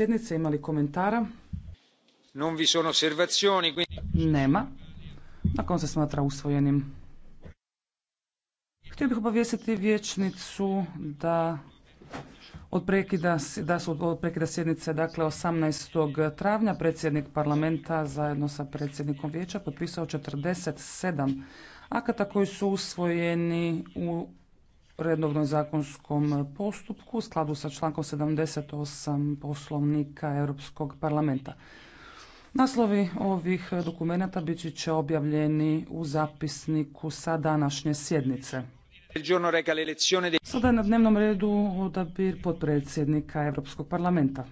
sjednice. Ima li komentara? Non vi sono Nema. Nakon dakle, se smatra usvojenim. Htio bih obavijestiti vječnicu da od prekida, da su od prekida sjednice, dakle 18. travnja, predsjednik parlamenta zajedno sa predsjednikom vijeća potpisao 47 akata koji su usvojeni u redovnom zakonskom postupku u skladu sa člankom 78 poslovnika Europskog parlamenta. Naslovi ovih dokumenata biti će objavljeni u zapisniku sa današnje sjednice. Sada je na dnevnom redu odabir potpredsjednika Europskog parlamenta.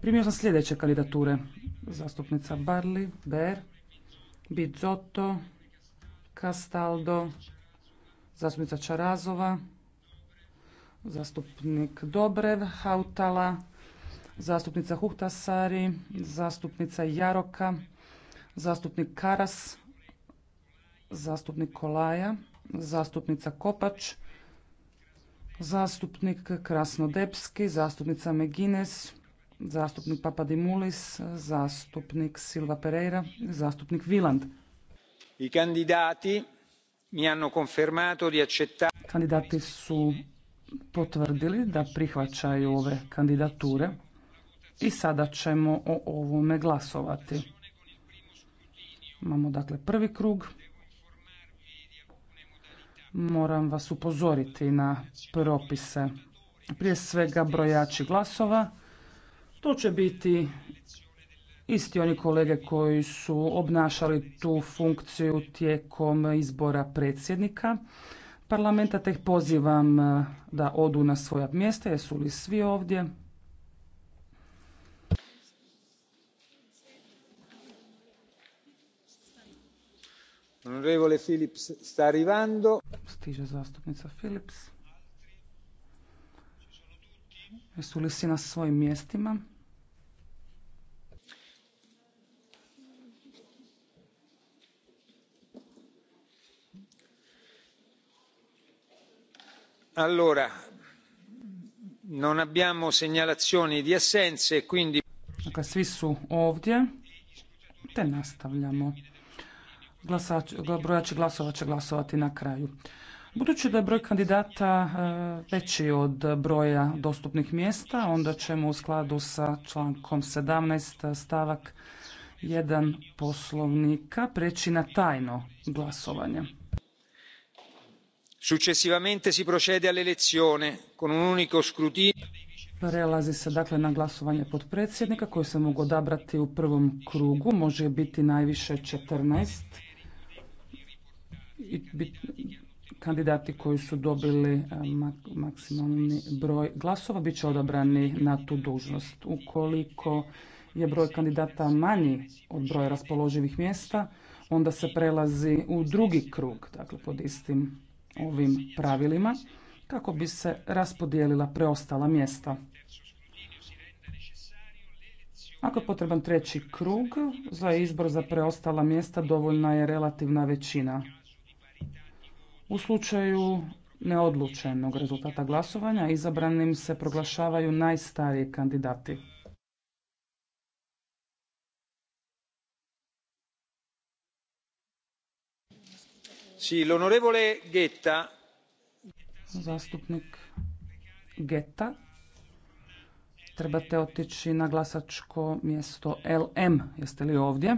Primio sam sljedeće kandidature. Zastupnica Barli, Ber, Bizzotto, Castaldo, zastupnica Čarazova, zastupnik Dobrev, Hautala, zastupnica Huhtasari, zastupnica Jaroka, zastupnik Karas, zastupnik Kolaja, zastupnica Kopač, zastupnik Krasnodepski, zastupnica Megines, zastupnik Papadimulis, zastupnik Silva Pereira, zastupnik Viland. I kandidati Kandidati su potvrdili da prihvaćaju ove kandidature i sada ćemo o ovome glasovati. Imamo dakle prvi krug. Moram vas upozoriti na propise. Prije svega brojači glasova. To će biti isti oni kolege koji su obnašali tu funkciju tijekom izbora predsjednika parlamenta, te ih pozivam e, da odu na svoja mjesta. Jesu li svi ovdje? Onorevole Philips sta Stiže zastupnica Philips. Jesu li svi na svojim mjestima? Allora, non abbiamo segnalazioni di assenze, quindi... Dakle, svi su ovdje, te nastavljamo. Glasač, brojači glasova će glasovati na kraju. Budući da je broj kandidata e, veći od broja dostupnih mjesta, onda ćemo u skladu sa člankom 17 stavak 1 poslovnika preći na tajno glasovanje successivamente si procede all'elezione con un unico scrutinio Prelazi se dakle na glasovanje potpredsjednika koji se mogu odabrati u prvom krugu. Može biti najviše 14 kandidati koji su dobili e, maksimalni broj glasova bit će odabrani na tu dužnost. Ukoliko je broj kandidata manji od broja raspoloživih mjesta, onda se prelazi u drugi krug, dakle pod istim ovim pravilima kako bi se raspodijelila preostala mjesta. Ako je potreban treći krug za izbor za preostala mjesta dovoljna je relativna većina. U slučaju neodlučenog rezultata glasovanja izabranim se proglašavaju najstariji kandidati. Geta. Zastupnik Geta. Trebate otići na glasačko mjesto LM. Jeste li ovdje?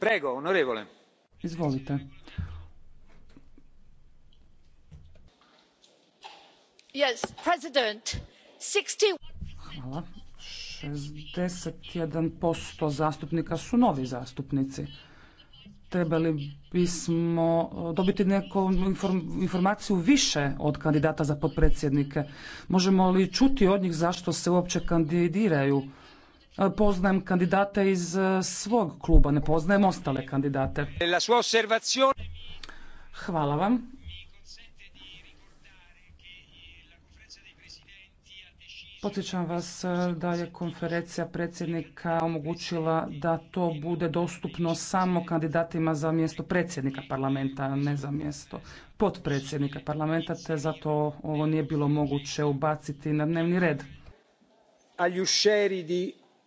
Prego, onorevole. Izvolite. Yes, president. 61... 61% zastupnika su novi zastupnici. Trebali bismo e, dobiti neku informaciju više od kandidata za potpredsjednike. Možemo li čuti od njih zašto se uopće kandidiraju? E, poznajem kandidate iz e, svog kluba, ne poznajem ostale kandidate. Hvala vam. Podsjećam vas e, da je konferencija predsjednika omogućila da to bude dostupno samo kandidatima za mjesto predsjednika parlamenta, a ne za mjesto potpredsjednika parlamenta, te zato ovo nije bilo moguće ubaciti na dnevni red.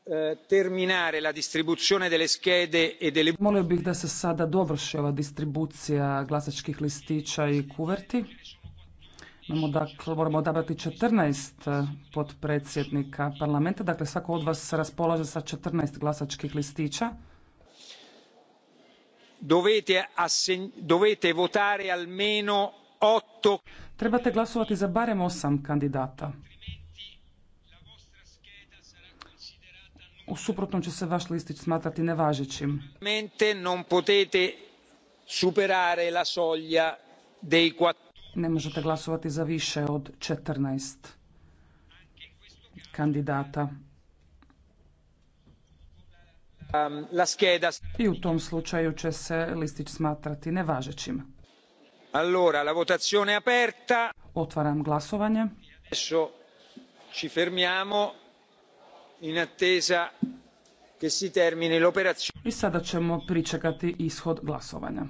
E, terminare la distribuzione delle schede e Molio bih da se sada dovrši ova distribucija glasačkih listića i kuverti. Imamo dakle, moramo odabrati 14 eh, potpredsjednika parlamenta, dakle svako od vas raspolaže sa 14 glasačkih listića. Dovete, assen... Dovete votare almeno 8. Trebate glasovati za barem 8 kandidata. U suprotnom će se vaš listić smatrati nevažećim. non potete superare la soglia dei ne možete glasovati za više od 14 kandidata. Um, I u tom slučaju će se listić smatrati nevažećim. Allora, la votazione aperta. Otvaram glasovanje. Adesso ci fermiamo in attesa che si termini l'operazione. I sada ćemo pričekati ishod glasovanja.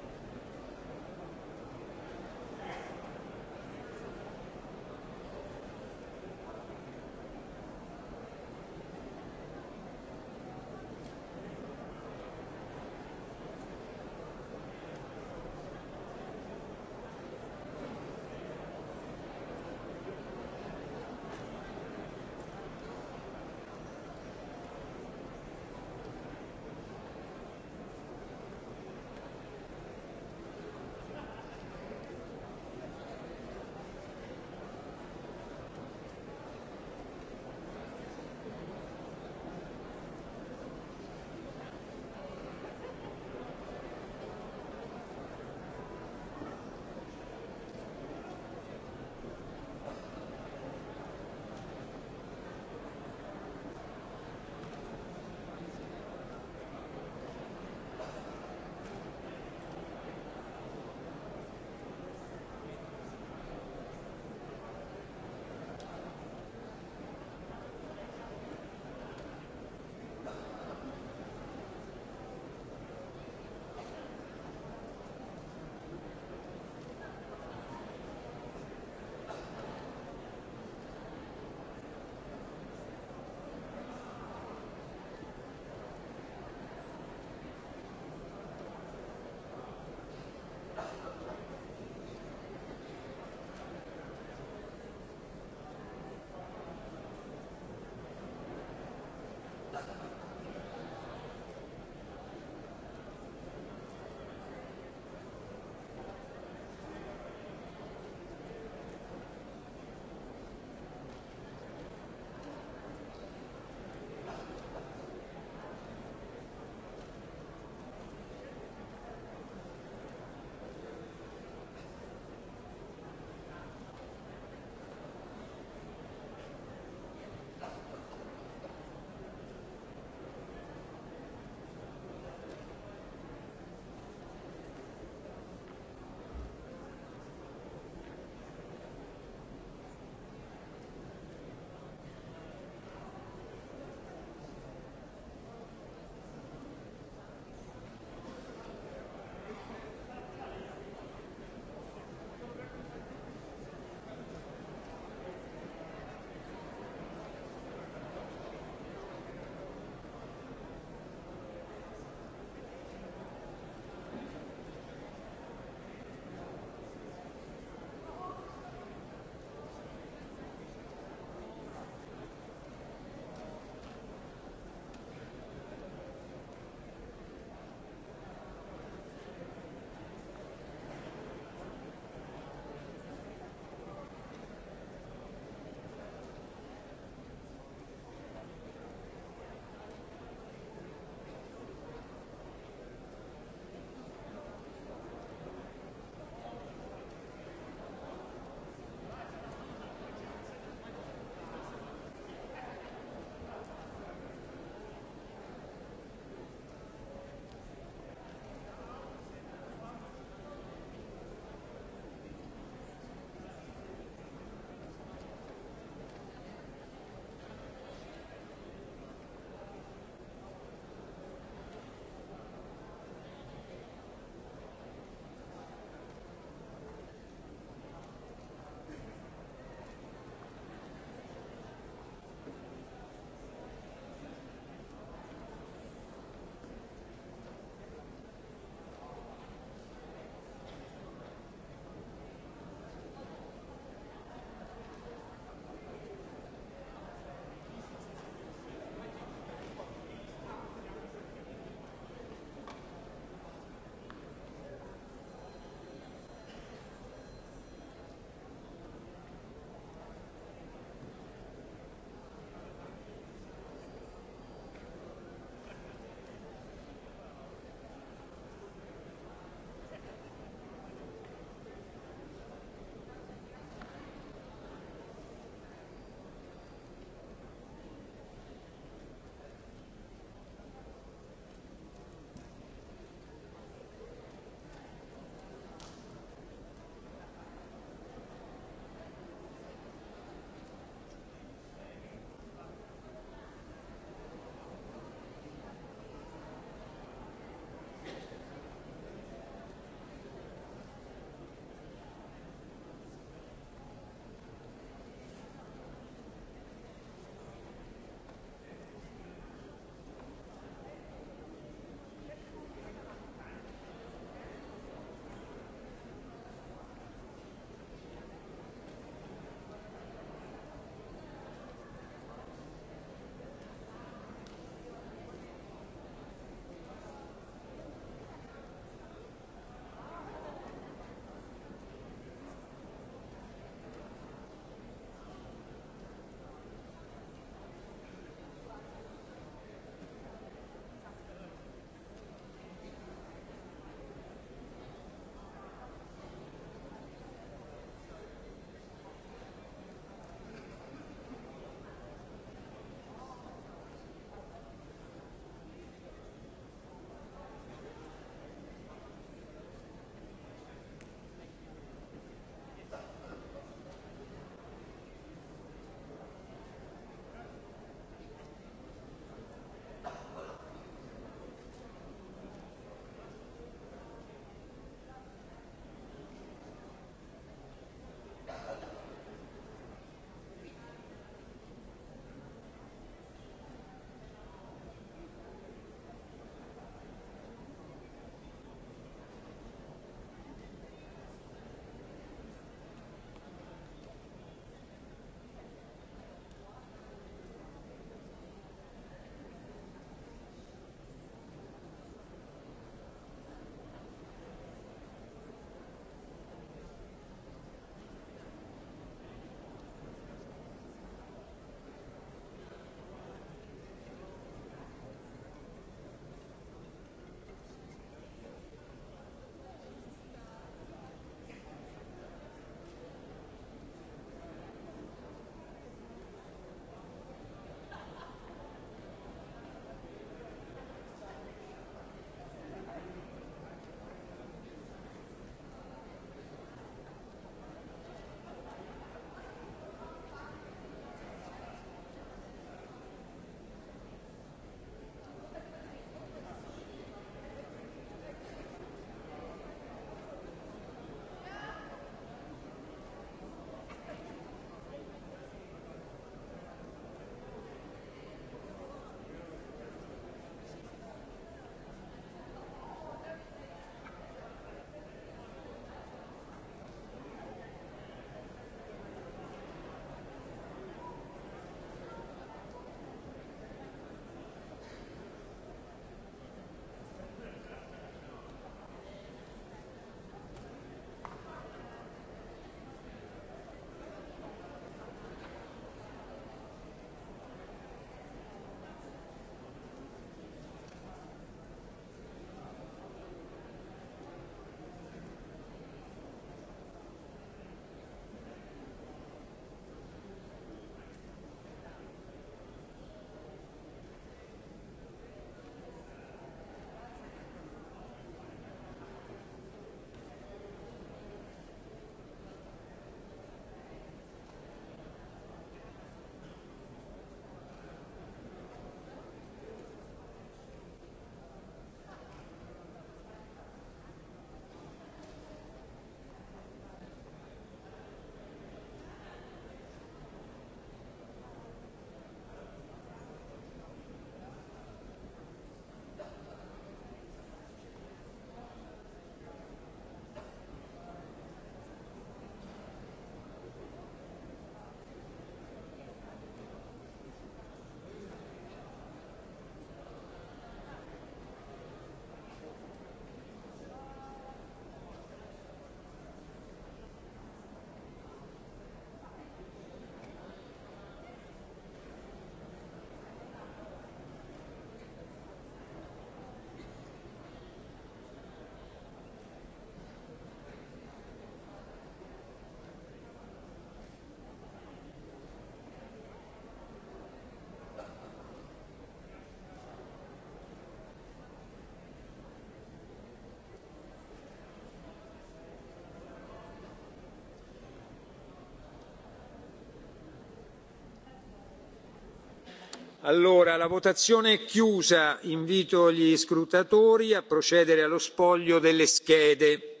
allora la votazione è chiusa invito gli scrutatori a procedere allo spoglio delle schede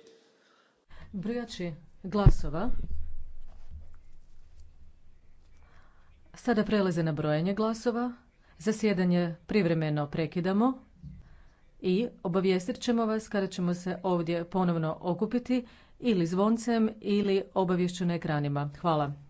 brojači glasova sada prelaze na brojanje glasova zasjedanje privremeno prekidamo i obavijestit ćemo vas kada ćemo se ovdje ponovno okupiti ili zvoncem ili obavješću na ekranima hvala